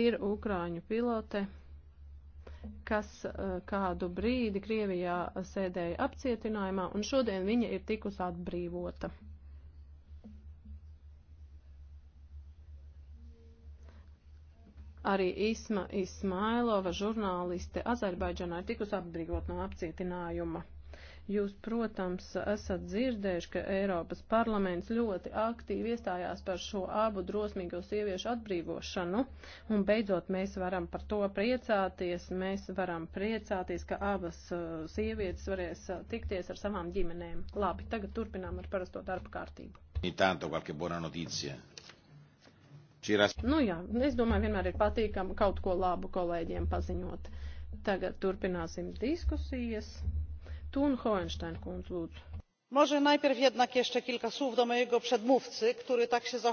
ir ukrāņu pilote, kas eh, kādu brīdi Krievijā sēdēja apcietinājumā, un šodien viņa ir tikus atbrīvota. Arī Isma Ismailova žurnāliste Azerbaidžanā ir tikus atbrīvot no apcietinājuma. Jūs, protams, esat dzirdējuši, ka Eiropas parlaments ļoti aktīvi iestājās par šo abu drosmīgo sieviešu atbrīvošanu, un beidzot mēs varam par to priecāties. Mēs varam priecāties, ka abas uh, sievietes varēs uh, tikties ar savām ģimenēm. Labi, tagad turpinām ar parasto darbu kārtību. Intanto qualche buona notizia. Nu jā, es domāju, vienmēr ir patīkami kaut ko labu kolēģiem paziņot. Tagad turpināsim diskusijas. Tun Hohenstein kundz lūdzu. Może najpierw jednak jeszcze kilka słów do mojego przedmówcy, który tak się zachował.